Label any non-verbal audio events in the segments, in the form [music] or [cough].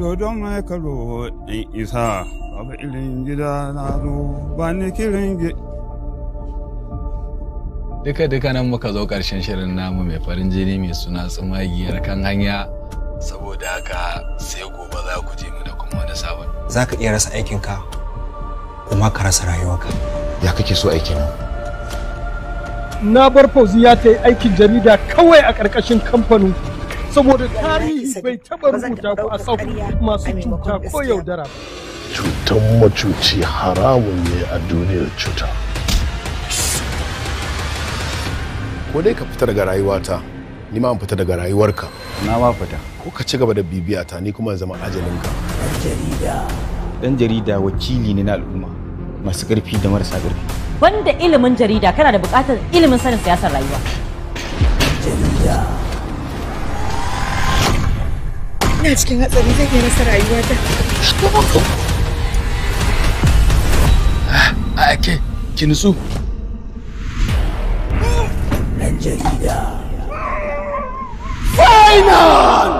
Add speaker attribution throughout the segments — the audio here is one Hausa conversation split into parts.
Speaker 1: dodon mai karo in isa babu
Speaker 2: irin gida na zo ba ni kirin duka duka nan muka zo karshen shirin namu mai farin jini mai suna tsumagiyar kan hanya saboda haka sai gobe za ku je mu da kuma wani sabon za ka iya rasa
Speaker 1: aikinka kuma ka rasa rayuwarka ya kake so aikin nan na bar fauzi ya ta yi aikin jarida kawai a ƙarƙashin kamfanin saboda tarihi bai taba rubuta ku a sauku masu cuta ko yaudara ba.
Speaker 2: Cutan macuci haramun ne a duniyar cuta. Ko dai ka fita daga rayuwata, ni ma fita daga rayuwarka. Na ma fita. Ko ka ci gaba da bibiyata ni kuma zama ajalinka. Ɗan jarida. Ɗan jarida wakili ne na al'umma masu ƙarfi da marasa ƙarfi.
Speaker 3: Banda ilimin jarida kana da buƙatar
Speaker 4: ilimin sanin siyasar rayuwa. Jarida. ina
Speaker 3: cikin hatsari zai iya rasa rayuwata
Speaker 2: a ah, ake ki nan jarida final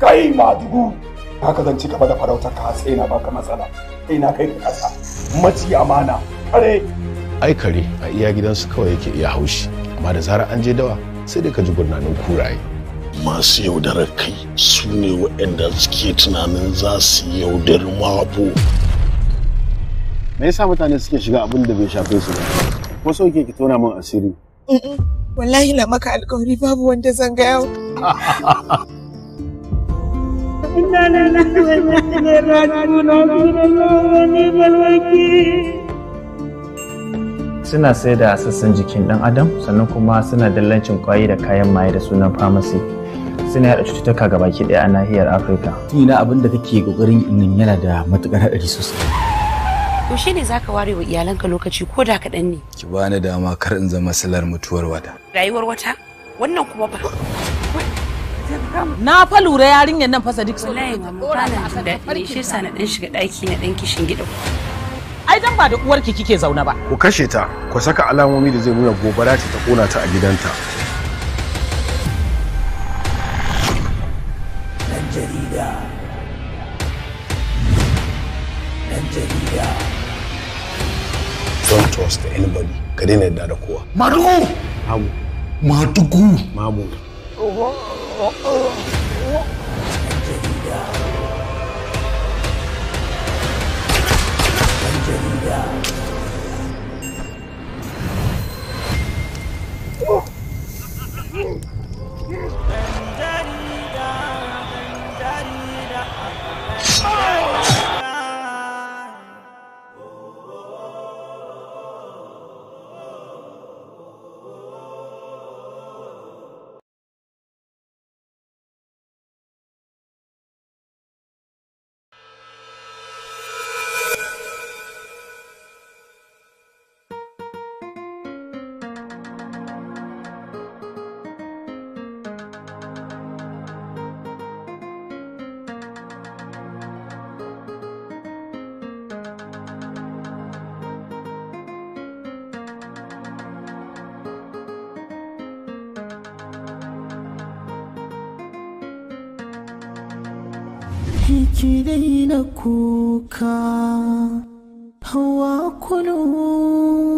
Speaker 2: kai madugu ka zan ci gaba da farautar ka tsena na baka matsala ina kai ka kasa maci amana kare ai kare a iya gidansu kawai yake iya haushi amma da zarar an je dawa sai dai ka ji gurnanin kuraye masu yaudarar kai su ne waɗanda suke tunanin za su yaudar mabu. me yasa mutane suke shiga abin da bai shafe su ba ko sau ke ki tona min asiri
Speaker 3: wallahi na maka alkawari babu wanda zan gaya إنا
Speaker 4: suna sai da sassan jikin dan adam sannan kuma suna dallancin kwayi da kayan maye da sunan pharmacy suna yada cututtuka ga baki ɗaya a nahiyar afirka ina
Speaker 2: abin da kake kokarin nan yana da matukar haɗari sosai
Speaker 5: yaushe ne zaka ware wa
Speaker 3: iyalanka lokaci ko da kaɗan ne
Speaker 2: ki bani dama kar in zama silar mutuwar wata
Speaker 3: rayuwar wata wannan kuma ba na fa lura yarinyar nan fa sadik wallahi ba mu kana da shi yasa na dan shiga daki na dan kishin gida ai dan ba da uwarki
Speaker 2: kike zaune ba ku kashe ta ku saka alamomi da zai nuna gobara ce ta kona ta a gidanta dan jarida don't trust anybody ka daina yadda da kowa madugu madugu mamu
Speaker 3: هو
Speaker 4: قلوبك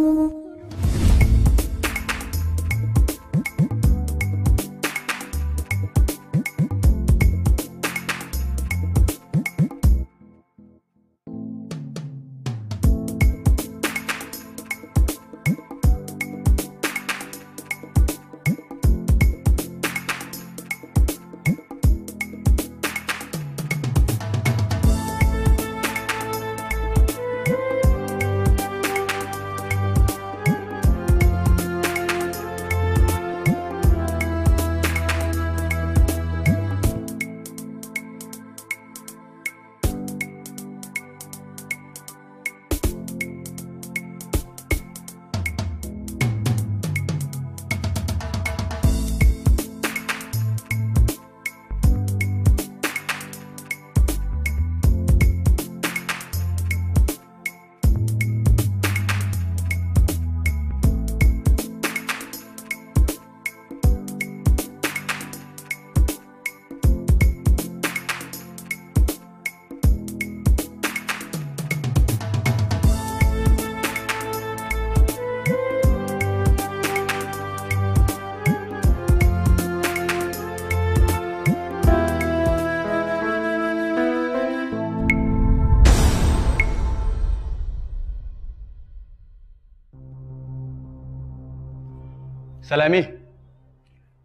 Speaker 2: salami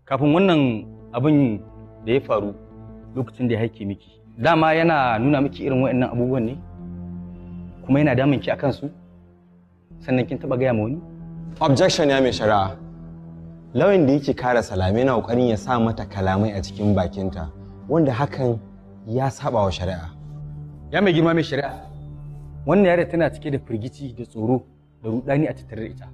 Speaker 1: kafin wannan abin da ya faru lokacin da ya haike miki, dama yana nuna miki irin waɗannan abubuwan ne? Kuma yana damun ki akan su? Sannan kin taɓa gaya ma wani? Objection ya mai shari'a. Lawan da yake kara salami na ƙoƙarin ya sa mata kalamai a cikin bakinta, wanda hakan ya saba wa shari'a. Ya mai girma mai shari'a, wannan yare tana cike da firgici da tsoro da rudani a tattare da ita.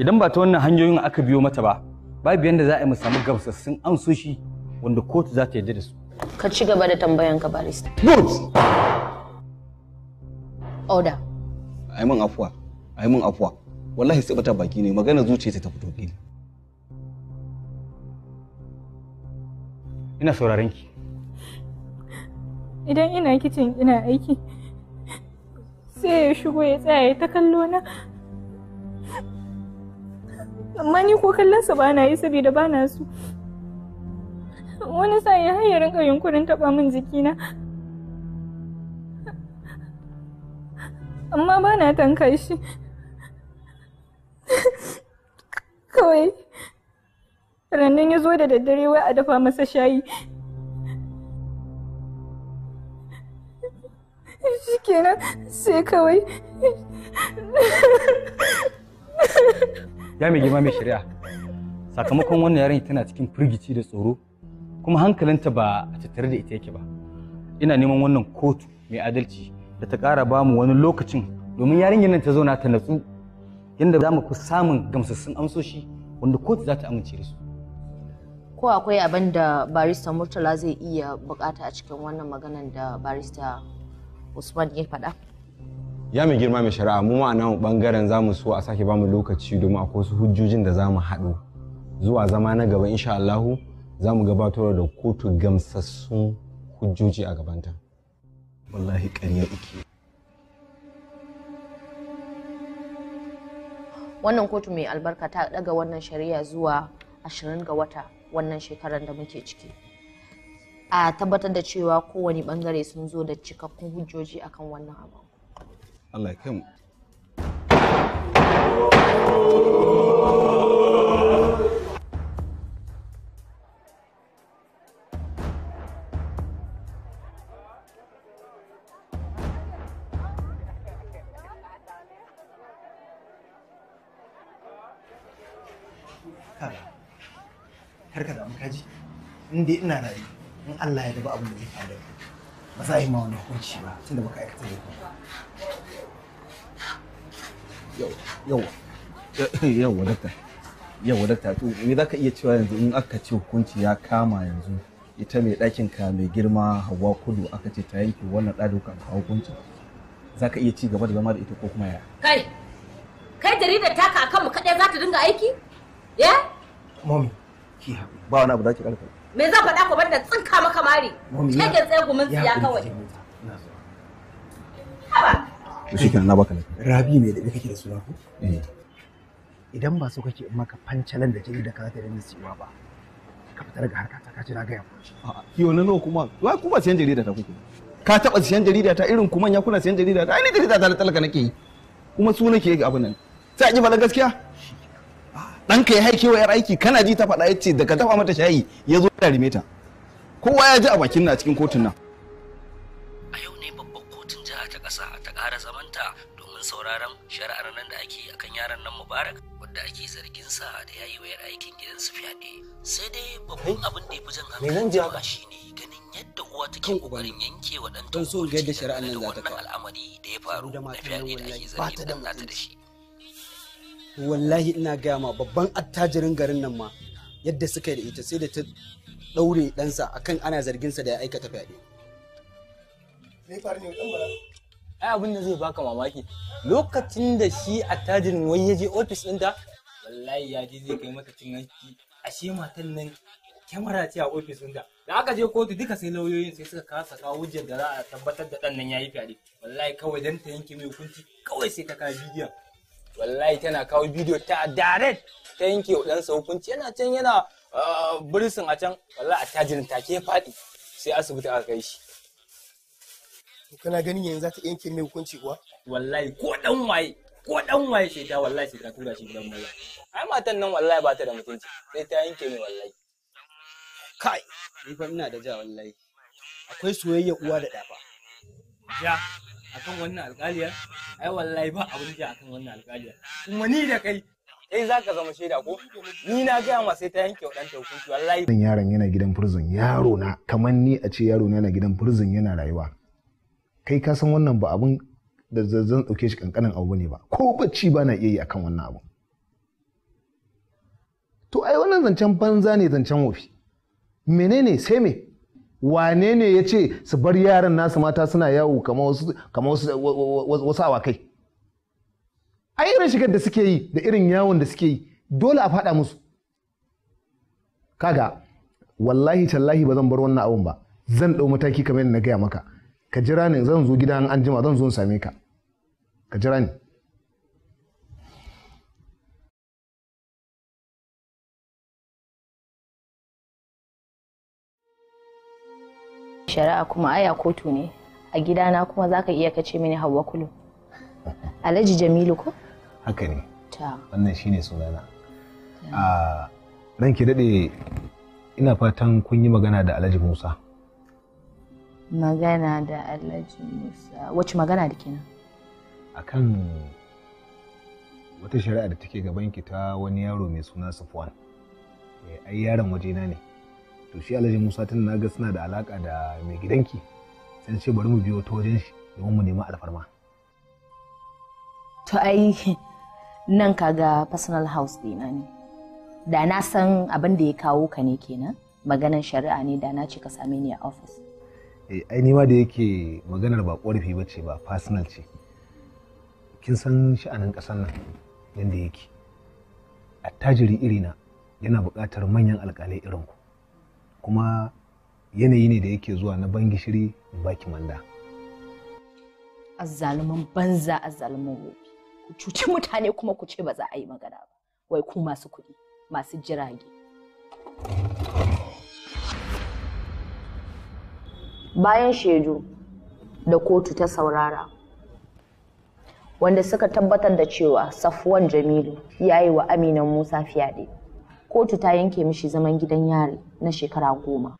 Speaker 1: idan ba ta wannan hanyoyin aka biyo mata ba babu yadda za a yi mu samu gamsassun ansoshi wanda kotu za ta yarda da su
Speaker 4: ka ci gaba da tambayan ka barista good order
Speaker 2: ai mun afuwa ai mun afuwa wallahi sai bata baki ne magana zuciya ta fito fili
Speaker 1: ina sauraron ki
Speaker 3: idan ina kicin ina aiki sai ya shigo ya tsaya ya ta kallo na amma ni ko kallon sa bana yi saboda bana su wani sa ya hayya rinka yunkurin taba min jikina amma bana tanka shi kawai rannan ya zo da daddare wai a dafa masa shayi shikenan sai kawai
Speaker 1: ya mai girma mai shari'a sakamakon wannan yarinya tana cikin firgici da tsoro kuma hankalinta ba a tattare da ita yake ba ina neman wannan kotu mai adalci da ta kara ba mu wani lokacin domin yarinyar nan ta zauna ta natsu yadda za mu fi samun gamsassun amsoshi wanda kotu za ta amince da su
Speaker 4: ko akwai abin da barista murtala zai iya bukata a cikin wannan maganar da barista usman ya faɗa
Speaker 2: ya mai girma mai shari'a mu ma'ana mu bangaren
Speaker 1: za mu so a sake bamu lokaci domin akwai wasu hujjojin da za mu haɗu zuwa zama na gaba
Speaker 2: insha Allahu za mu gabatar da kotu gamsassun hujjoji a gabanta wallahi ƙarya ike
Speaker 4: wannan kotu mai albarka ta daga wannan shari'a zuwa 20 ga wata wannan shekarar da muke ciki a tabbatar da cewa kowane bangare sun zo da cikakkun hujjoji akan wannan abu
Speaker 1: Allah ya kai mu karka da kaji in rayu in Allah ya daba abin da zai faru ba za a yi ma wani hukunci ba tunda baka aikata laifin ba
Speaker 2: yawa eh, yawa dakta yawa dakta to me zaka iya cewa yanzu in aka ce hukunci ya kama yanzu ita mai ɗakin ka mai girma hawa kudu aka ce ta yanke wannan ɗa dukan ka hukunci zaka iya ci gaba da zama da ita ko kuma ya
Speaker 3: kai kai jaridar taka akan mu kaɗai za ta dinga aiki ya
Speaker 2: mami ki haɓu ba wani abu da ki ƙarfa
Speaker 3: me zan faɗa ku banda tsinka maka mari cikin da tsaye gumin tsiya kawai
Speaker 2: haba shi kenan na baka lafiya rabi mai da kake da suna
Speaker 1: ko eh. idan ba so kake in maka fancalan da jini da kaza ta dinga siwa ba
Speaker 2: ka fitar ga harka ta
Speaker 1: ka ci na ga yamma a
Speaker 2: kiyo na nawa kuma wai kuma siyan jarida ta kuku ka taba siyan jarida ta irin kuma ya kuna siyan jarida ta ai ni jarida ta talaka nake yi kuma su nake ga abin nan sai ki ji fara gaskiya ɗanka ya haike wa yar aiki kana ji ta faɗa yace daga dafa mata shayi ya zo da rime ta kowa ya ji a bakin na cikin kotun nan
Speaker 1: a yau ne ba sauraron shari'ar nan
Speaker 5: da ake akan yaron nan mubarak wanda ake zargin sa da yayi wayar aikin gidan su fyaɗe
Speaker 1: sai dai babban abin da ya fi jan hankali shine ganin yadda uwa take kokarin yanke wa ɗanta hukunci da wannan al'amari da ya faru fyaɗe da ake zargin da nata da shi wallahi ina gaya ma babban attajirin garin nan ma yadda suka yi da ita sai da ta ɗaure ɗansa akan ana zargin sa da ya aikata fyaɗe. ai abin da zai baka mamaki lokacin da shi attajirin wai ya je ofis ɗinta wallahi ya je zai kai mata cin hanci shi matan nan kyamara ce a ofis ɗinta da aka je kotu duka sai lauyoyin sai suka kasa kawo hujjar da za tabbatar da ɗan nan ya yi fyaɗe wallahi kawai dan ta yanke mai hukunci kawai sai ta kawo bidiyon wallahi tana kawo bidiyo ta direct ta yanke wa ɗansa hukunci yana can yana ah, birsin a can wallahi attajirin take faɗi sai asibiti aka kai shi kana ganin yanzu za ta yanke mai hukunci kuwa wallahi ko dan waye ko dan waye sai ta wallahi sai ta tura shi gidan maza ai matan nan wallahi ba ta da mutunci sai ta yanke mai wallahi kai ni fa ina da ja wallahi akwai soyayya uwa da dafa ja akan wannan alƙaliya ai wallahi ba abun da akan wannan alƙaliya kuma ni da kai kai za ka zama shaida ko ni na gaya ma sai ta yanke wa ɗanta
Speaker 2: hukunci wallahi yaron yana gidan prison yaro na kamar ni a ce yaro na yana gidan prison yana rayuwa kai ka san wannan ba abin da zan ɗauke shi kankanin abu ne ba ko bacci ba na iya yi akan wannan abu to ai wannan zancen banza ne zancen wofi menene sai me wane ne ya ce su bar yaran nasu mata suna yawo kamar wasu awakai a irin shigar da suke yi da irin yawon da suke yi dole a faɗa musu kaga wallahi tallahi ba zan bar wannan abun ba zan ɗau mataki kamar yadda na gaya maka ka jira ni zan zo gidan an jima zan zo same ka ka jira ni
Speaker 4: shari'a kuma aya kotu ne a gidana kuma za ka iya kace mini hawa kulu alhaji jamilu ko
Speaker 2: haka ne wannan shine sunana a ah, ranki daɗe ina fatan kun yi magana da alhaji musa
Speaker 4: magana da alhaji musa wacce magana da kenan
Speaker 2: akan wata shari'a da take gabanki ta wani yaro mai suna safwan eh, ai yaron wajena ne to shi alhaji musa tun na ga suna da alaka da mai gidanki sai ce bari mu biyo ta wajen shi domin mu nemi alfarma
Speaker 4: to ai nan kaga personal house dina ne da na san abin da ya kawo ka ne kenan maganan shari'a ne da na ce ka same ni a office
Speaker 2: Eh, ai nima da yake maganar ba ƙorafi ba ce ba personal ce kin san sha'anin ƙasar nan yadda yake attajiri irina yana buƙatar manyan alƙalai irin ku kuma yanayi ne da yake zuwa na ban gishiri baki manda
Speaker 4: azzaluman banza azzaluman wofi ku cuci mutane kuma ku ce ba za a yi magana ba wai ku masu kuɗi masu jirage bayan shaidu da kotu ta saurara wanda suka tabbatar da cewa safwan jamilu ya yi wa aminan musa fyaɗe kotu ta yanke mishi zaman gidan yari na shekara goma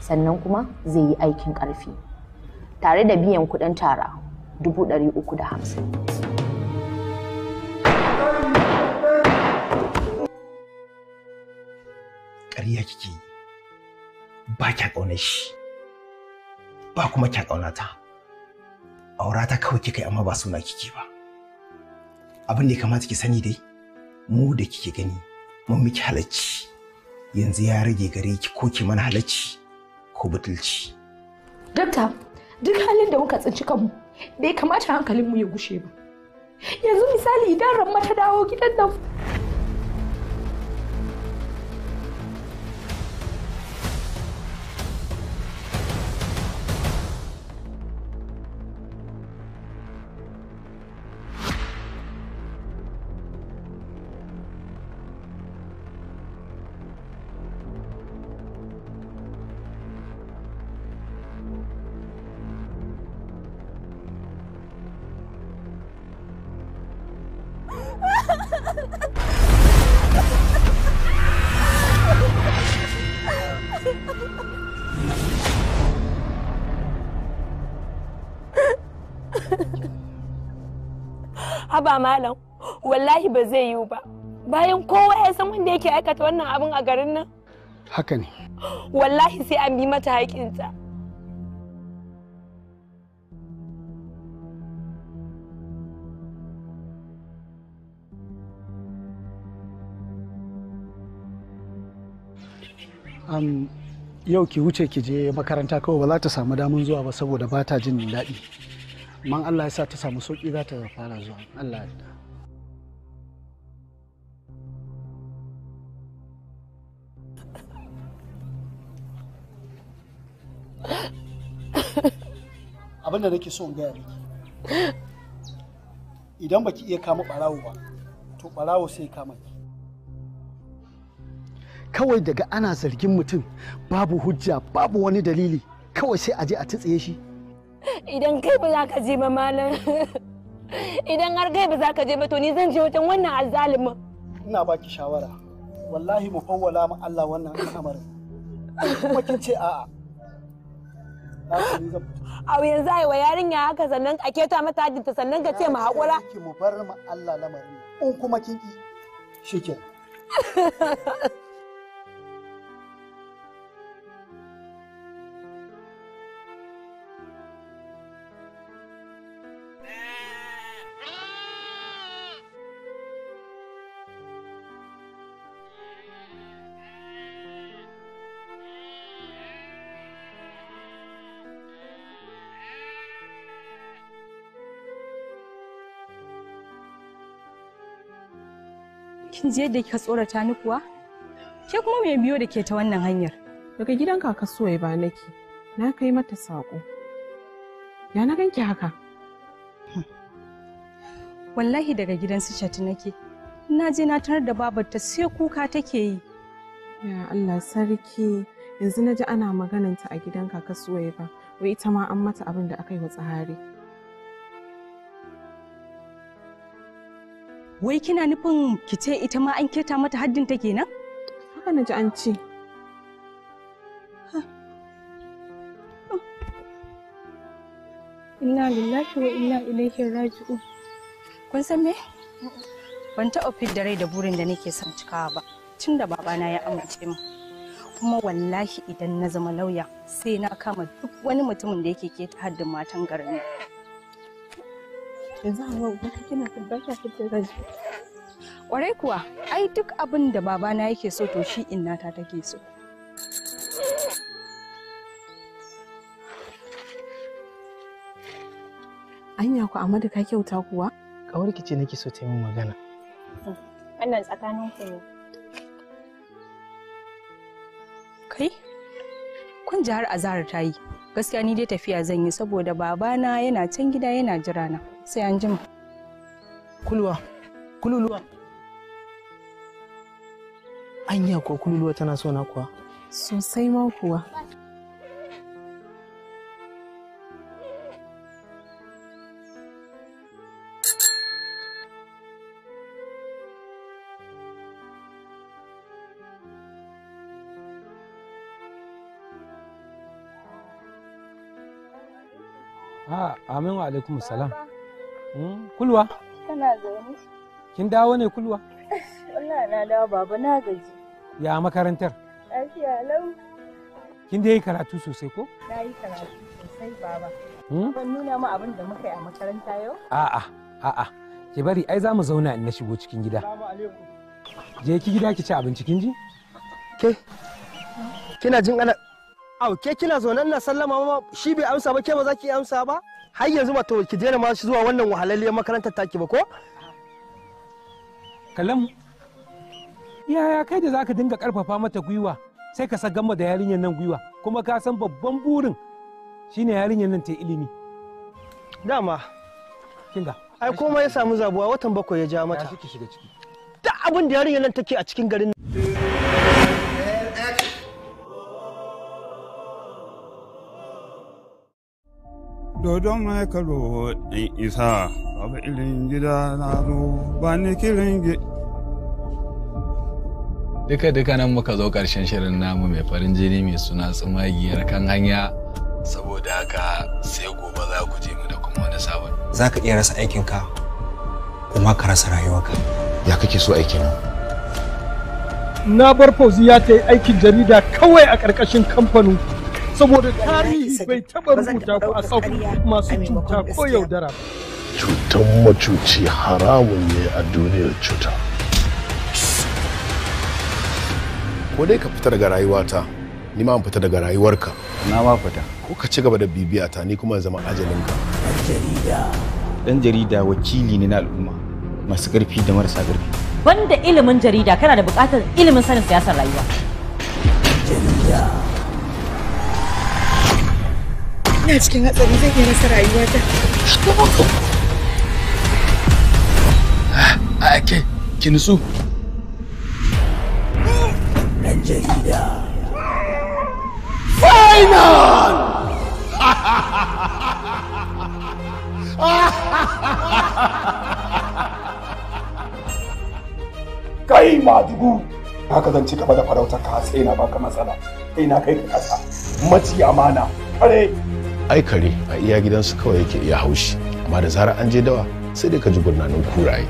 Speaker 4: sannan kuma zai yi aikin ƙarfi tare da biyan kuɗin tara 350
Speaker 1: ba kya ƙaunar shi ba kuma kya ƙaunata aura ta kawai kika yi amma ba suna kike ba abin da ya kamata ki sani dai mu da kike gani mun miki halacci yanzu ya rage gare ki ko ki mana halacci ko butulci
Speaker 5: dakta duk halin da muka tsinci kanmu bai kamata hankalinmu ya gushe
Speaker 3: ba yanzu misali idan ramma mata dawo gidan nan
Speaker 5: ba malam wallahi ba zai yiwu ba bayan kowa ya san wanda yake aikata wannan abin a garin nan haka ne wallahi sai an bi mata haƙinta
Speaker 2: um, yau ki wuce ki je makaranta kawai ba za ta samu damun zuwa ba saboda ba ta jin daɗi man Allah ya sa ta samu sauki za ta fara zuwa Allah ya abinda nake so in gaya miki idan baki iya kama barawo ba to barawo sai kama ki
Speaker 1: kawai daga ana zargin mutum babu hujja babu wani dalili kawai sai aje a tsitsiye shi
Speaker 4: idan kai ba za ka je ba malam
Speaker 5: idan har kai ba za ka je ba to ni zan je wajen wannan azzalimin
Speaker 1: ina baki shawara wallahi mu fawwala ma Allah wannan al'amarin kuma kin ce a'a
Speaker 3: A yanzu ai wa yarinya haka sannan a keta mata hajjinta sannan ka ce mu haƙura.
Speaker 1: Ki mu bar ma Allah lamarin in kuma kin ki shikenan. [laughs]
Speaker 3: kin ji yadda ka tsorata ni kuwa ke kuma mai biyo da ke ta wannan hanyar daga gidan kaka suwai ba nake na kai mata saƙo ya na ganki haka hmm. wallahi daga gidan su shatu nake na je na tarar da babarta sai kuka take yi ya Allah sarki yanzu na ji ana magananta a gidan kaka Suwaiba, ba wai ita ma an mata abin da aka yi wa tsahari Wai kina nufin ki ce ita ma an keta mata haddin ta kenan? Haka na ji an ce. Inna lillahi wa inna ilaihi raji'un. Kun san me? Ban taɓa fidda rai da burin da nake son cikawa ba, tun da babana ya amince mu. kuma wallahi idan na zama lauya sai na kama duk wani mutumin da yake keta haddin matan garin yanzu hawa ba ka kina ba ka fitar ranki kwarai kuwa ai duk abin da babana yake so to shi innata take so anya ku amadu ka kyauta kuwa kawarki ce nake so ta yi magana wannan tsakanin ku ne kai kun ji har azahar ta yi gaskiya ni dai tafiya zan yi saboda babana yana can gida yana jira na sai an jima
Speaker 1: kulwa kululuwa anya ko kululuwa tana so na kuwa sosai ma kuwa
Speaker 6: Ah, amin wa alaikum salam. Hmm, kulwa?
Speaker 3: Kana zaune.
Speaker 6: Kin dawo ne kulwa?
Speaker 3: [laughs] Wallahi na dawo baba na gaji.
Speaker 6: Ya makarantar?
Speaker 3: Lafiya lau.
Speaker 6: Kin dai yi karatu sosai ko?
Speaker 3: Na yi karatu sosai baba. Hmm? Ban nuna ma abin da muka yi a makaranta yau?
Speaker 6: A'a, a'a. Ki bari ai za mu zauna in na shigo cikin gida. Je ki gida ki ci abinci
Speaker 1: kin ji? Ke? Kina jin ana Au ke kina zaune na sallama ma shi bai amsa ba ke ba za ki amsa ba? har yanzu ba to ki daina ma zuwa wannan wahalalliyar makarantar taki ba ko kalamu yaya
Speaker 6: kai da zaka dinga karfafa mata gwiwa sai ka sagama da yarinyar nan gwiwa kuma ka san babban burin
Speaker 1: shine yarinyar nan ta ilimi dama kinga ai komai ya samu zabuwa watan bakwai ya ja mata ta abin da yarinyar nan take a cikin garin nan dodon mai karo isa abu
Speaker 2: irin gida na zo ba ni kirin duka duka nan muka zo karshen shirin namu mai farin jini mai suna tsumagiyar kan hanya saboda haka sai gobe za ku je mu da kuma wani sabon za ka iya rasa aikinka kuma ka rasa rayuwarka ya kake so aikin
Speaker 1: na bar fauzi ya ta yi aikin jarida kawai a ƙarƙashin kamfanin saboda tarihi bai taɓa rubuta ku a kan masu cuta ko yaudara
Speaker 2: ba. macuci haramun ne a duniyar cuta. Ko dai ka fita daga rayuwata, ni ma fita daga rayuwarka. Na ma fita. Ko ka ci gaba da bibiya ta ni kuma zama ajalin ka Dan jarida wakili ne na al'umma masu karfi da marasa karfi
Speaker 3: Banda ilimin jarida kana da bukatar ilimin
Speaker 1: sanin siyasar rayuwa. ina cikin hatsari zai iya rasa rayuwa
Speaker 2: a ah, ah, ke ki nutsu ɗan final kai madugu haka zan ci gaba da farautar ka sai na baka matsala kai na kai ka kasa maci amana kare aikare a iya gidansu kawai yake iya haushi amma da zarar an je dawa sai dai ka ji gurnanin kuraye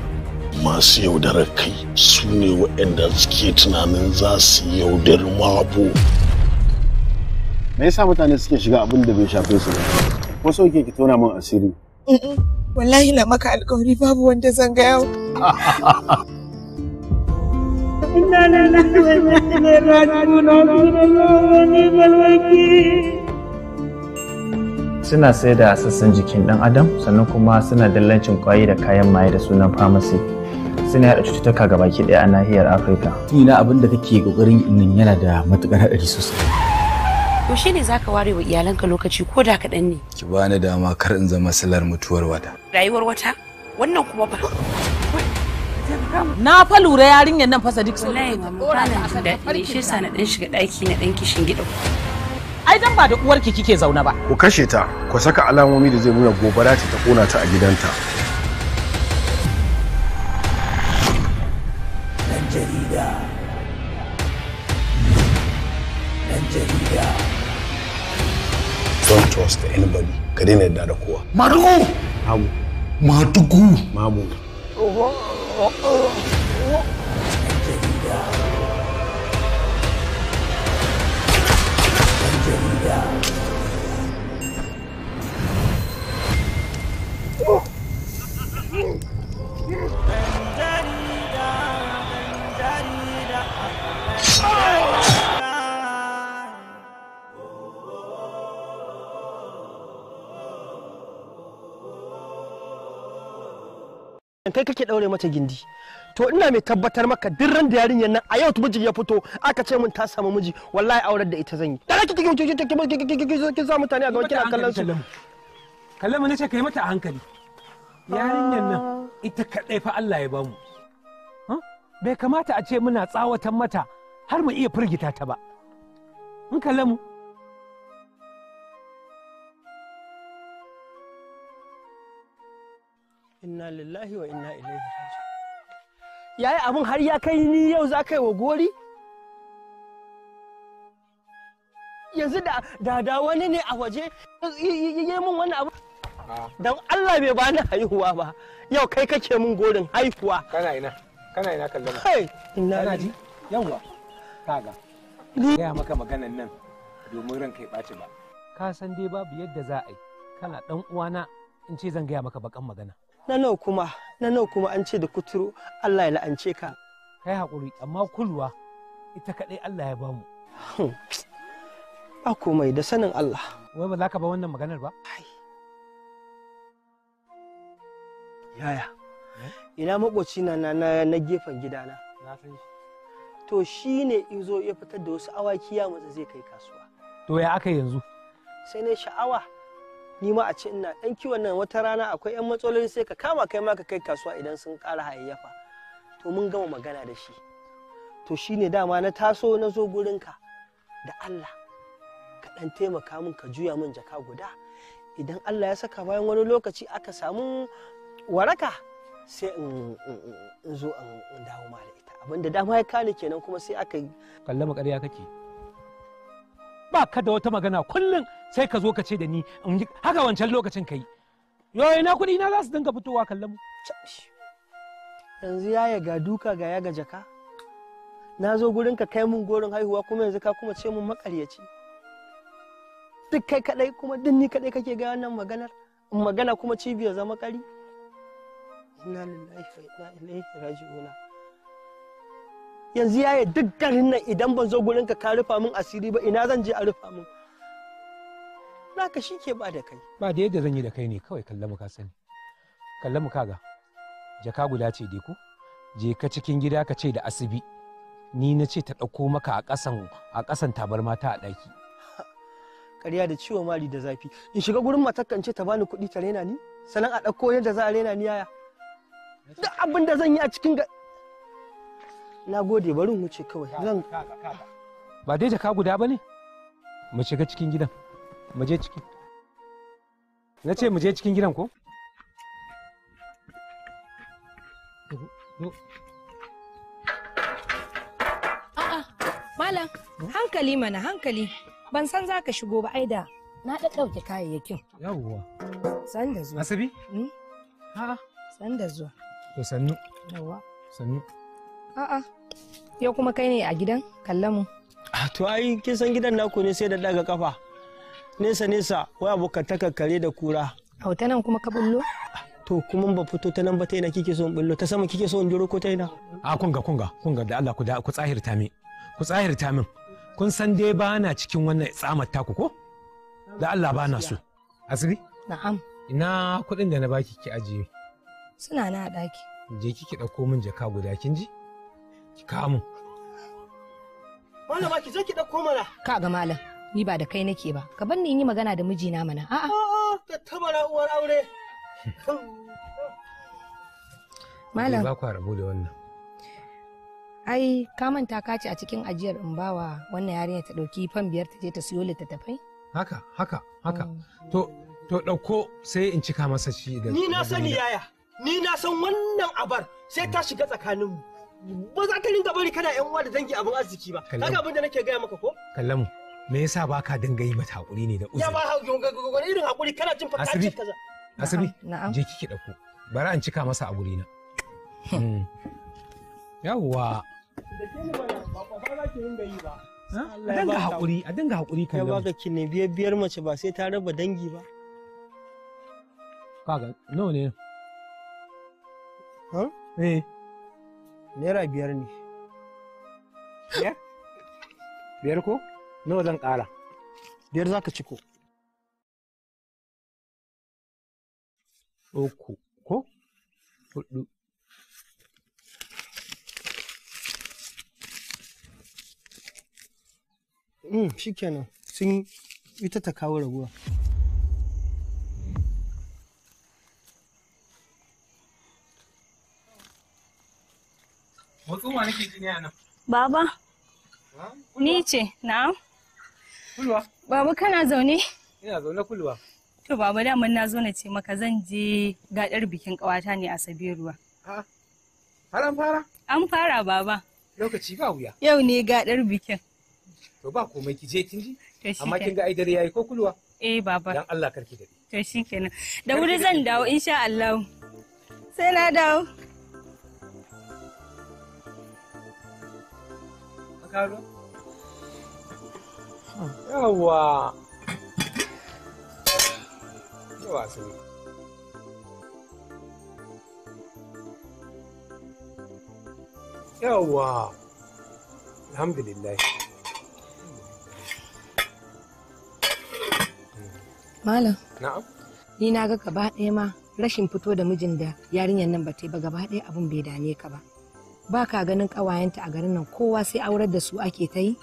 Speaker 2: masu yaudarar kai su ne waɗanda suke tunanin za su yaudar mabu. me yasa mutane suke shiga abin da bai shafe su ba ko so ke ki tona min asiri
Speaker 3: wallahi na maka alƙawari babu wanda zan ga yau inna lillahi
Speaker 1: wa inna ilaihi raji'un
Speaker 4: suna sai da sassan jikin dan adam sannan kuma suna dillancin kwayi da kayan maye da sunan pharmacy suna yada cututtuka ga baki ɗaya a nahiyar afirka tunina abin
Speaker 2: da kake kokarin nan yana da matukar haɗari sosai
Speaker 5: yaushe ne zaka ware wa iyalanka
Speaker 2: lokaci
Speaker 3: ko da kaɗan ne
Speaker 2: ki bani dama kar in zama silar mutuwar wata
Speaker 3: rayuwar wata wannan kuma ba na fa lura yarinyar nan fasa duk sun wallahi ba da shi sa na dan shiga daki na dan kishin gida ai dan ba da uwarki kike
Speaker 2: zaune ba ku kashe ta ku saka alamomi da zai nuna gobara ta kona ta a gidanta dan jarida don't trust anybody ka daina yadda da kowa madugu mamu madugu mamu
Speaker 1: in kai kake daure mata gindi to ina mai tabbatar maka duk ran da yarinyar nan a yau miji ya fito aka ce mun ta samu miji wallahi aurar da ita zan yi da kake kike kike kike kike kike sa mutane a gaban kina kallon su kallon mu nace kai mata a hankali yarinyar nan
Speaker 6: ita kadai fa Allah ya bamu bai kamata a ce muna tsawatan mata har mu iya firgita ta ba in kallon mu
Speaker 1: inna lillahi wa inna ilaihi raji'un yayi abun har ya kai ni yau za ka yi wa gori yanzu da da da wani ne a waje yi min wannan abu don Allah bai bani haihuwa ba yau kai kake min gorin haihuwa kana ina kana ina kallon kai inna kana yawa
Speaker 6: kaga ya maka maganan nan domin ran kai ɓaci ba ka san dai babu yadda za a yi kana dan uwana in ce zan gaya maka bakan magana
Speaker 1: na nawa kuma na nawa kuma an ce da kuturu Allah ya la'ance ka kai hakuri amma kulwa ita kadai Allah ya bamu hmm. ba komai da sanin Allah
Speaker 6: wai ba za ka ba wannan maganar ba
Speaker 1: yaya eh? ina makoci na na gefen gidana na san shi to shi ne izo ya fitar da wasu awaki ya mutsa zai kai kasuwa to ya aka yanzu sai ne sha'awa ni ma a ce ina ɗan kiwon nan wata rana akwai 'yan matsaloli sai ka kama kai ma ka kai kasuwa idan sun ƙara hayayyafa to mun gama magana da shi to shi ne dama na taso na zo gurinka da Allah ka ɗan taimaka min ka juya min jaka guda idan Allah ya saka bayan wani lokaci aka samu waraka sai in zo in dawo ma da ita abinda dama ya kani kenan kuma sai aka yi. kallama ƙarya kake
Speaker 6: ba ka da wata magana kullum sai ka zo ka ce da ni haka wancan lokacin ka yi
Speaker 1: yoyi na kuɗi na za su dinga fitowa kallon mu yanzu ya ga duka ga ya ga jaka na zo gurin ka kai mun gorin haihuwa kuma yanzu ka kuma ce mun makaryaci duk kai kadai kuma duk ni kadai kake ga wannan maganar magana kuma cibiyar zama kari inna lillahi wa inna ilaihi raji'una yanzu ya yi duk garin nan idan ban zo gurin ka rufa min asiri ba ina zan je a rufa min naka shi ke ba da kai
Speaker 6: ba da yadda zan yi da kai ne kawai kalla mu ka sani kalla mu kaga jaka guda ce dai ku? je ka cikin gida ka ce da asibi ni na ce ta ɗauko maka a ƙasan a ƙasan tabar mata a ɗaki
Speaker 1: ƙarya da ciwo mali da zafi in shiga gurin kan ce ta bani kuɗi ta rena ni sannan a ɗauko yadda za a rena ni yaya duk abin da zan yi a cikin na gode bari wuce kawai zan
Speaker 6: ba dai jaka guda ba ne mu shiga cikin gidan mu je ciki na ce mu je cikin gidan ko
Speaker 5: a'a malam hankali mana hankali ban san za ka shigo ba aida na da ɗauke kayayyakin yawwa san da zuwa asabi hmm? a'a san da
Speaker 1: zuwa to sannu yawwa sannu
Speaker 5: A'a, yau kuma kai ne a gidan kallon mu.
Speaker 1: Ah, to ai kin san gidan naku ne sai da daga kafa. Nesa nesa wai ta kare da kura. Hau ta nan kuma ka bullo? To kuma ba fito ta nan ba ta na kike so in bullo ta sama kike so in ko ta na.
Speaker 6: A ah, kunga kunga kunga da Allah ku da ku tsahirta min. Ku tsahirta min. Kun san dai ba na cikin wannan tsamar taku ko? Da Allah ba na so. Asiri. Na'am. Ina kuɗin da na baki ki ajiye. Suna na a ɗaki. Je kiki ɗauko min jaka guda kin ji? kamu.
Speaker 1: malam baki malama ki je dauko mana
Speaker 5: ka ga malam ni ba da kai nake ba ka bar ni yi magana da mijina mana
Speaker 1: a'a a'a ta tabara uwar aure
Speaker 6: malam ba ku rabu da wannan
Speaker 5: ai ka manta ka ce a cikin ajiyar in bawa wannan yarinya ta dauki fan biyar ta je ta siyo littattafai
Speaker 6: haka haka haka mm. to to dauko sai in cika masa shi da ni na sani yaya
Speaker 1: ni na san wannan abar sai ta shiga tsakaninmu ba za ka da bari kana yan uwa da dangi abin arziki ba kaga abin da nake gaya maka ko
Speaker 6: kallamu me yasa ba ka dinga yi mata hakuri ne da uzuri ya ba ha
Speaker 1: ga hakuri irin hakuri kana jin fata ce kaza asibi je
Speaker 6: kiki dauko bari an cika masa
Speaker 1: a gurina [laughs] hmm. yawwa da ke ni bana ba ba za ki dinga yi ba a dinga hakuri a dinga hakuri kan ya baka kine biyar biyar mace ba sai ta raba dangi ba kaga nawa ne eh Naira biyar ne.
Speaker 6: Biyar? Biyar ko? Nawa zan ƙara? Biyar za ka ci ko? Uku ko?
Speaker 1: Hudu. Hmm, shi kenan sun ita ta kawo raguwa.
Speaker 6: Motsuwa nake ji ne nan.
Speaker 3: Baba. Ni ce, na'am. Kulwa. Baba kana zaune?
Speaker 6: Ina zaune kulwa.
Speaker 3: To baba da na zo na ce maka zan je gadar bikin ƙawata ne a
Speaker 6: Sabiruwa. Har an fara? An fara baba. Lokaci ba wuya.
Speaker 3: Yau ne gadar bikin.
Speaker 6: To ba komai ki je kin ji? Amma kin ga ai dare yayi ko kulwa? Eh baba. Dan Allah karki dade. To shikenan. Da wuri zan
Speaker 3: dawo insha Allah. Sai na
Speaker 6: dawo. ¿Qué Yawwa! a hacer? Yawwa! Alhamdulillah. Malam. Na'am.
Speaker 5: Ni na ga gaba ɗaya ma rashin fito da mijin da yarinyar nan ba ta yi ba gaba ɗaya abun bai dame ka ba. ba ka ganin ƙawayenta a garin nan kowa sai aurar da
Speaker 6: su ake ta yi?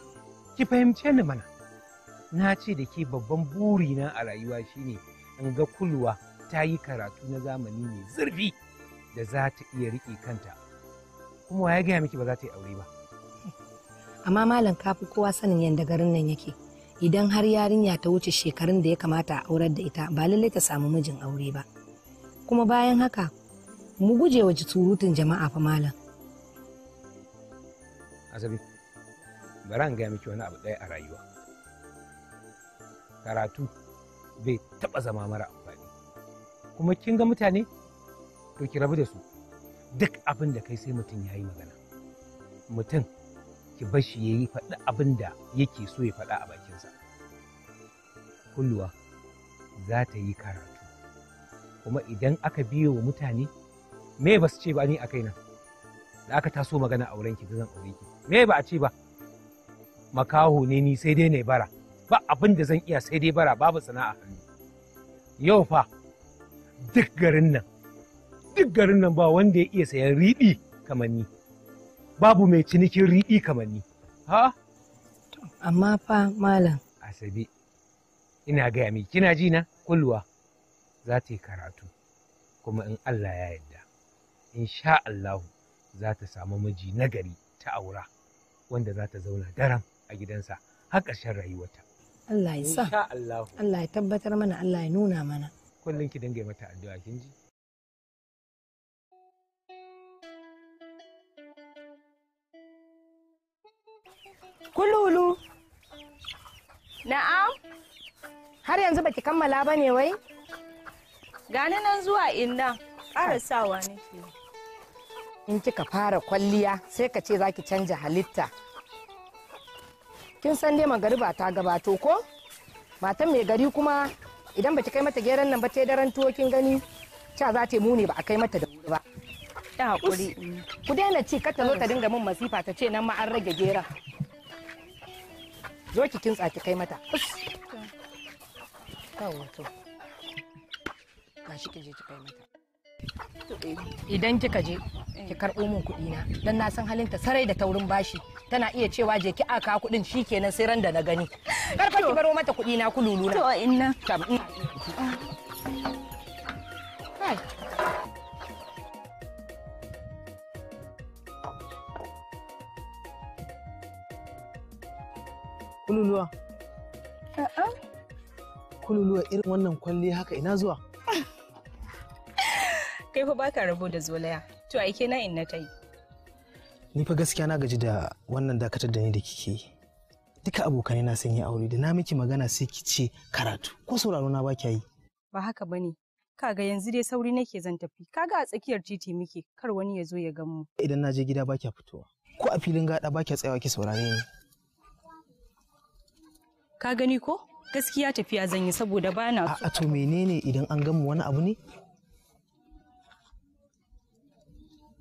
Speaker 6: Ki fahimce ni mana. Na ce da ke babban buri na a rayuwa shine in ga kulwa ta yi karatu na zamani mai zurfi da za ta iya riƙe kanta. Kuma ya gaya miki ba za ta yi aure ba.
Speaker 5: Amma malam kafi kowa sanin yadda garin nan yake. Idan har yarinya ta wuce shekarun da ya kamata a aurar da ita ba lallai ta samu mijin aure ba. Kuma bayan haka mu guje wa surutun jama'a fa malam.
Speaker 6: asabi ba an gaya miki wani abu ɗaya a rayuwa karatu bai taɓa zama mara amfani kuma kin ga mutane to ki rabu da su duk abin da kai sai mutum ya yi magana mutum ki bashi ya yi faɗi abin da yake so ya faɗa a bakinsa kulluwa za ta yi karatu kuma idan aka biyo wa mutane me ba su ce ba ni a nan, da aka taso magana a wurin ki zan aure ki me ba a ce ba makaho ne ni sai dai ne bara ba abin da zan iya sai dai bara babu sana'a yau fa duk garin nan duk garin nan ba wanda ya iya sayan riɗi kamar ni babu mai cinikin riɗi kamar ni
Speaker 5: ha amma fa malam
Speaker 6: asabe ina gaya mai kina ji na kulluwa za ta yi karatu kuma in Allah ya yarda in sha Allahu za ta samu miji nagari ta aura wanda za ta zauna daram a gidansa har ƙarshen rayuwarta. Allah ya sa. Insha Allah. Allah ya tabbatar mana
Speaker 5: Allah ya nuna
Speaker 6: mana. Kullum ki dinga mata addu'a kin ji?
Speaker 3: Kululu. Na'am. Har yanzu baki kammala ba ne wai? Gani nan zuwa inna. Ah. Ƙarasawa nake.
Speaker 5: in kika fara kwalliya sai ka ce zaki canja halitta kin san dai ba ta gabato ko matan mai gari kuma idan baki kai mata geran nan ba ta daren tuwo kin gani ca za ta muni ba a kai mata da wuri ba ta hakuri ku daina ci ka ta ta dinga min masifa ta ce nan ma an rage geran zo ki kin tsaki kai mata wato ka shi ki je ki kai mata idan kika je ki karɓo min kuɗi na dan na san halinta sarai da taurin bashi tana iya cewa je ki aka kuɗin shikenan sai ran da na gani karfa ki baro mata kuɗi na lulu na to inna
Speaker 1: Kululuwa. Kululuwa
Speaker 3: irin wannan kwalli haka ina zuwa. kai fa baka rabo da zolaya to aike na in na tayi.
Speaker 1: ni fa gaskiya na gaji da wannan dakatar da ni da kike yi duka abokanai na sun yi aure da na miki magana sai ki ce karatu ko sauraro na baki yi
Speaker 3: ba haka bane kaga yanzu dai sauri nake zan tafi kaga a tsakiyar titi muke kar wani ya zo ya gan mu
Speaker 1: idan na je gida baki fitowa ko a filin gada baki tsayawa ki saurare ni
Speaker 3: ka gani ko gaskiya tafiya zan yi saboda
Speaker 1: bana a to menene idan an gan mu wani abu ne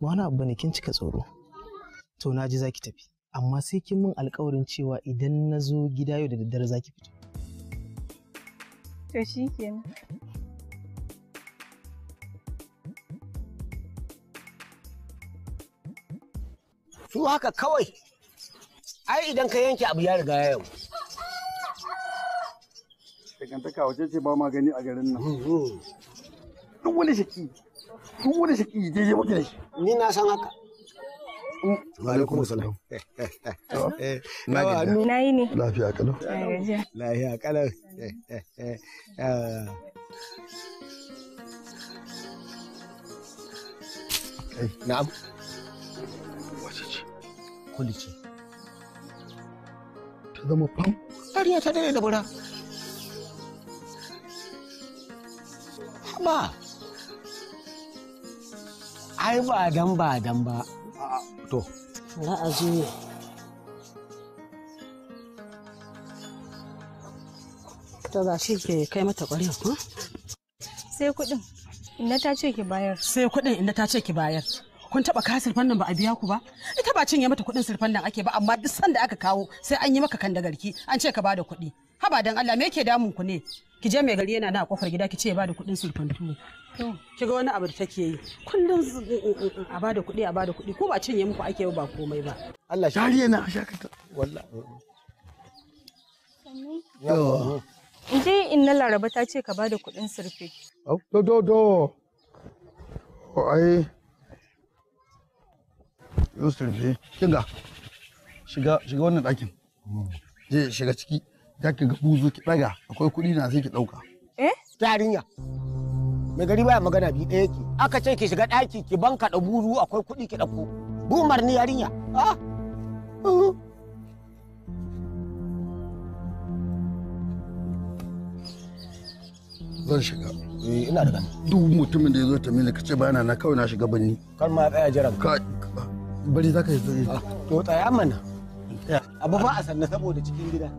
Speaker 1: wani abu ne kin cika tsoro to na ji zaki tafi amma sai kin min alkawarin cewa idan na zo gida yau da daddare zaki fito
Speaker 3: to shi kenan
Speaker 1: su haka kawai ai
Speaker 2: idan ka yanke abu ya riga ya yau ka wace ce ba magani a garin nan duk wani shaki duk wani shaki daidai muke da ni na san haka mm.
Speaker 1: wa alaikum salam eh, na yi ne lafiya kalau lafiya kalau eh, eh, na'am wace ce kuli ce ta zama fam ariya ta da bura ba ai ba dan ba dan ba to na a zo to ba shi ke kai
Speaker 3: mata ƙwarya ko sai kuɗin inda ta ce ki bayar sai kuɗin inda ta ce ki bayar kun taba kayan sirfan ba a biya ku ba ita ba cinye mata kuɗin sirfan ake ba amma duk sanda aka kawo sai an yi maka kan da garki an ce ka bada kuɗi haba dan Allah me yake damun ku ne ki je mai gari yana na kofar gida ki ce ya bada kuɗin sirfan tuwo kiga wani abu da take yi kullum mm, mm, mm, a bada kuɗi a bada kuɗi ko ba cinye muku ake ba komai ba Allah shi tarihi a shakata wallahi in je inna laraba ta ce ka bada kuɗin surfe
Speaker 2: to do do ai yau surfe kinga shiga shiga wannan ɗakin je shiga ciki za ki ga buzu ki ɗaga akwai kuɗi na sai ki ɗauka
Speaker 1: eh yarinya mai gari baya magana bi ɗaya ke aka ce ki shiga ɗaki ki banka da buru akwai kuɗi ki ɗauko bumar ni yarinya ah! uh-huh.
Speaker 2: zan shiga eh, ina da gani duk mutumin da ya zo ta mila ka ce bayana na kawai na shiga banni kar ma tsaya jiran ka bari zaka yi ah, to tsaya mana abu ba a sanna saboda cikin gida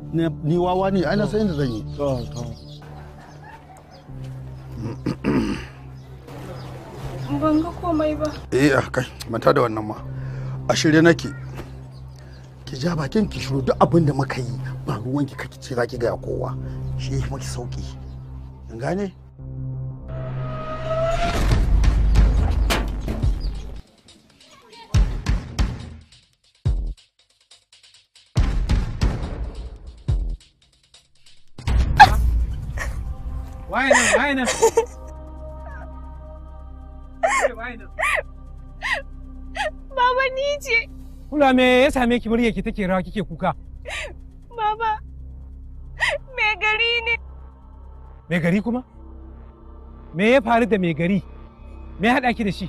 Speaker 2: ni wawa ne ai na san inda zan yi to to
Speaker 3: ban ga komai ba
Speaker 2: eh a ah, kai mata da wannan ma a shirye nake ki ja bakin ki shiru duk abin da muka yi ba ruwan ki kake ce zaki ga kowa shi mafi sauki gane
Speaker 6: Kuka me ya same ki murya ki take rawa kike kuka?
Speaker 3: Baba, me gari ne.
Speaker 6: Me gari kuma? Me ya faru da me gari? Me haɗa ki da shi?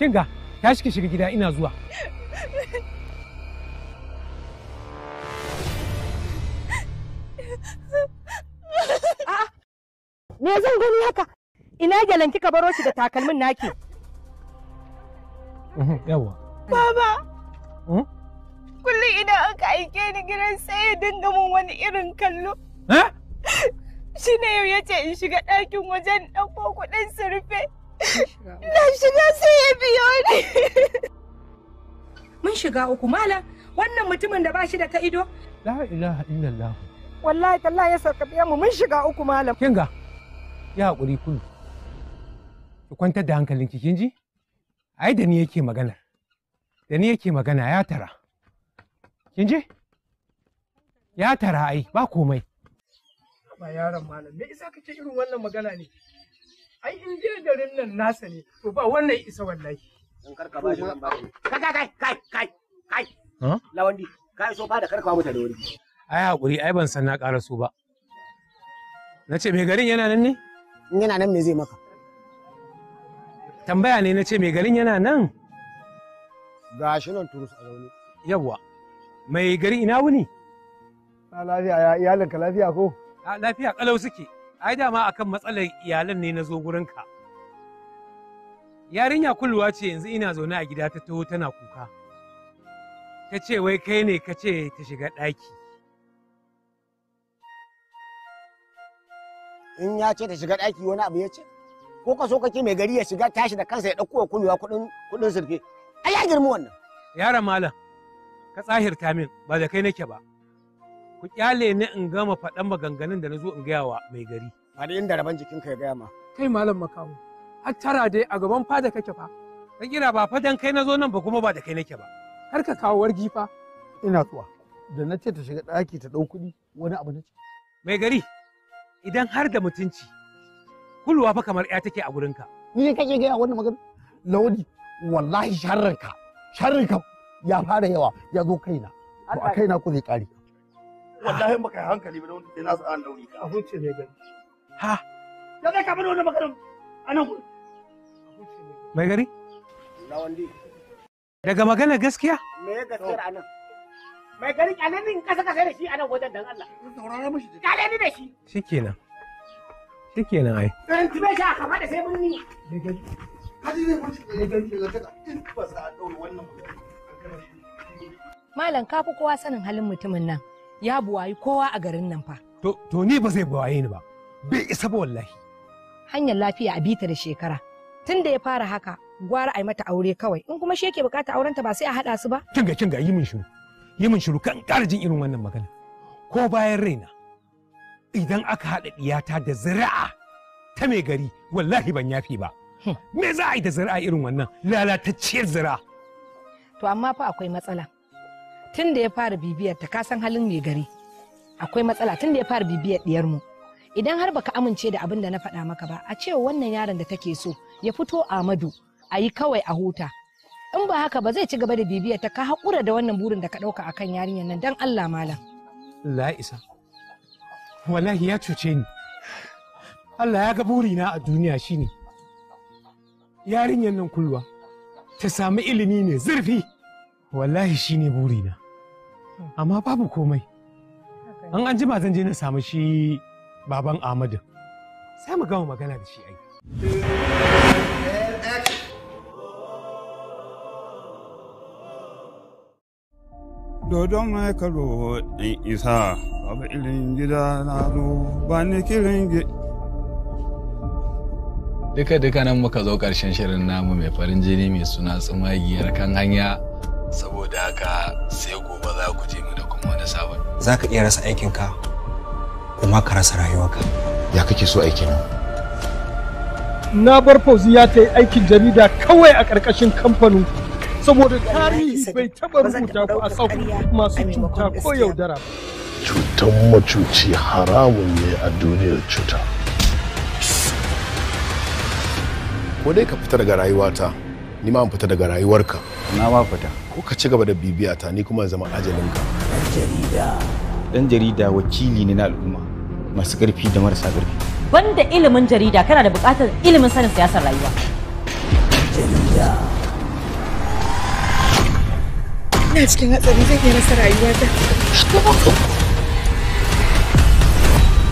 Speaker 6: Kinga, tashi ki shiga gida ina zuwa.
Speaker 5: Me zan gani haka? Ina gyalan kika baro shi da takalmin naki?
Speaker 6: yawa
Speaker 3: baba kullum idan aka aike ni gidan sai ya dinga mun wani irin kallo eh? shi ne yau ya ce in shiga ɗakin wajen ɗauko kuɗin surfe na shiga sai ya biyo ni
Speaker 5: mun shiga uku malam wannan mutumin da ba shi da ka
Speaker 6: la ilaha illallah wallahi tallahi ya sarkaɓe mu mun shiga uku malam kinga ya haƙuri kulu ki kwantar da hankalinki kin ji ai da ni yake magana da ni yake magana ya tara kin je ya tara ai ba komai
Speaker 1: ba yaron malam me isa kake irin wannan magana ne ai in je garin nan nasa ne to ba wannan isa wallahi in karka ba shi zan ba kai kai kai kai kai lawandi kai so ba da karka da wuri
Speaker 6: ai hakuri ai ban san na ƙara so ba na ce me garin yana nan ne yana nan me zai maka tambaya ne na ce mai garin yana nan
Speaker 2: ga shi nan turus a zaune
Speaker 6: yawwa mai gari ina wuni
Speaker 1: a ah, lafiya ya iyalin ka lafiya ko
Speaker 6: a ah, lafiya kalau suke ai dama akan matsalar iyalan ne na zo gurin ka yarinya kulluwa ce yanzu ina zaune a gida ta taho tana kuka ta ce wai kai ne ka ce ta shiga ɗaki
Speaker 1: in ya ce ta shiga ɗaki wani abu ya ce ko ka so kake mai gari ya shiga tashi da kansa ya ɗauko wa kulewa kuɗin kudin sirke ai ya girma wannan yaron malam
Speaker 6: ka tsahirta min ba da kai nake ba ku kyale ni in gama faɗan maganganun da na zo in gaya wa mai gari ba da inda raban jikinka ya gaya ma kai malam makamu hattara dai a gaban fada kake fa ka kira ba fadan kai na zo nan ba kuma ba da kai nake ba har ka kawo
Speaker 2: wargi fa ina tuwa da na ce ta shiga ɗaki ta ɗau kuɗi wani abu na ce
Speaker 6: mai gari idan har da mutunci kulwa fa kamar ya take a gurinka ni
Speaker 2: kake gaya wannan magana launi wallahi sharrinka sharrinka ya fara yawa ya zo kaina to a kaina ku zai kare wallahi baka yi hankali ba na ne
Speaker 1: gani ha ya zai wannan magana
Speaker 6: mai gari lawandi daga magana gaskiya
Speaker 1: me gaskiyar nan? mai gari kyalenin kasa kasa da shi nan wajen dan Allah saurara
Speaker 2: da
Speaker 6: shi Duk kenan ai.
Speaker 2: Ɗan tibe shi a kama da sai birni.
Speaker 5: Malam ka kowa sanin halin mutumin nan. Ya buwayi kowa a garin nan fa.
Speaker 6: To ni ba zai buwaye ni ba. Bai isa ba wallahi.
Speaker 5: Hanyar lafiya a bita da shekara. Tun da ya fara haka, gwara a mata aure kawai. In kuma shi yake bukata aurenta ba sai a haɗa su ba.
Speaker 6: Kinga kinga yi min shiru. Yi min shiru kan ƙara jin irin wannan magana. Ko bayan raina. idan aka haɗa ɗiyata da zira'a ta mai gari wallahi ban yafi ba hmm. me za a yi da zira'a irin wannan lalatacciyar zira'a
Speaker 5: to amma fa akwai matsala tun da ya fara bibiyar ta kasan halin mai gari akwai matsala tun da ya fara bibiyar ɗiyar mu idan har baka amince da abin da na faɗa maka ba a ce wannan yaron da take so ya fito Amadu a yi kawai a huta in ba haka ba zai ci gaba da bibiyar ta ka haƙura da wannan burin da ka ɗauka akan yarinyar nan dan Allah malam
Speaker 6: la wallahi ya cuce ni Allah ya ga burina a duniya shine yarinyar nan kulwa ta sami ilimi ne zurfi wallahi shine burina amma babu komai an an ji zan je na samu shi baban Ahmadu sai mu gama magana da shi ai
Speaker 2: dodon mai karo in isa babu irin gida na zo ba ni kirin duka duka nan muka zo karshen shirin namu mai farin jini mai suna tsumagiyar kan hanya saboda haka sai gobe za ku je mu da kuma wani sabon za ka iya rasa aikinka
Speaker 6: kuma ka rasa rayuwarka ya kake so aikin nan
Speaker 1: na bar ya ta yi aikin jarida kawai a ƙarƙashin kamfanin saboda tarihi bai taba rubuta ku a tsakon masu cuta ko yaudara
Speaker 2: ba. macuci haramun ne a duniyar cuta. Ko dai ka fita daga rayuwata, ni ma fita daga rayuwarka. Na ma fita. Ko ka ci gaba da bibiyata ni kuma zama ajalinka.
Speaker 4: Ɗan jarida.
Speaker 2: jarida wakili ne na al'umma masu ƙarfi da marasa karfi
Speaker 3: Banda ilimin jarida kana da bukatar ilimin sanin siyasar rayuwa. ina cikin hatsari zai iya rasa rayuwata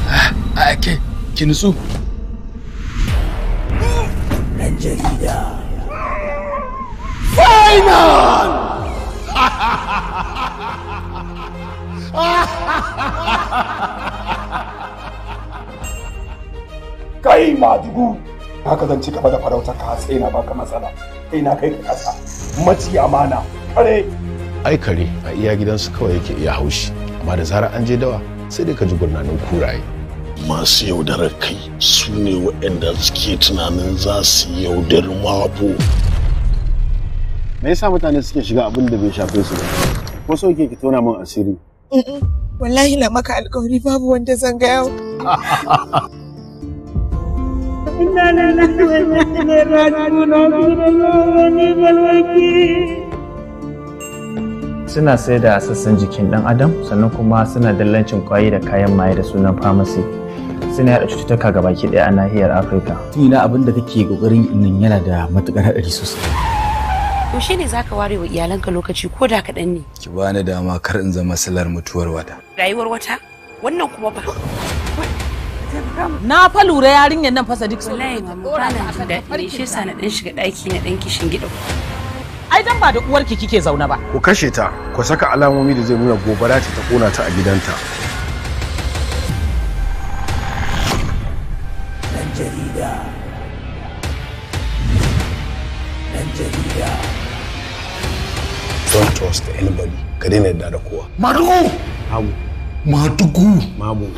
Speaker 2: a ake, ah, ah, ki nutsu ɗan jarida
Speaker 3: final
Speaker 2: kai madugu haka zan cika gaba da farautar ka sai na baka matsala kai na kai ka kasa maci amana kare aikare a iya gidansu kawai yake iya haushi amma da zarar an je dawa sai dai ka ji gurnanin kuraye masu yaudarar kai su ne waɗanda suke tunanin za su yaudar mabu. me yasa mutane suke shiga abin da bai shafe su ba ko so ke ki tona min asiri
Speaker 3: wallahi na maka alkawari babu wanda zan ga
Speaker 1: yau inna lillahi wa inna ilaihi raji'un
Speaker 4: suna sai da sassan jikin dan adam sannan kuma suna dallancin kwayi da kayan maye da sunan
Speaker 1: pharmacy suna yada cututtuka ga baki daya a nahiyar afirka tunina abin da kake gogarin nan
Speaker 2: yana da matukar hadari sosai
Speaker 5: yaushe ne zaka ware wa iyalanka lokaci ko da kaɗan
Speaker 2: ne ki bani dama kar in zama silar mutuwar wata
Speaker 3: rayuwar wata wannan kuma ba na fa lura yarinyar nan fasa duk sai na shi dan shiga ɗaki na dan kishin gida ai dan ba da uwarki kike zaune ba
Speaker 2: ku kashe ta ku saka alamomi da zai nuna gobara ce ta kona ta a gidanta
Speaker 1: dan jarida dan jarida
Speaker 2: don't trust anybody ka daina yadda da kowa madugu madugu mabu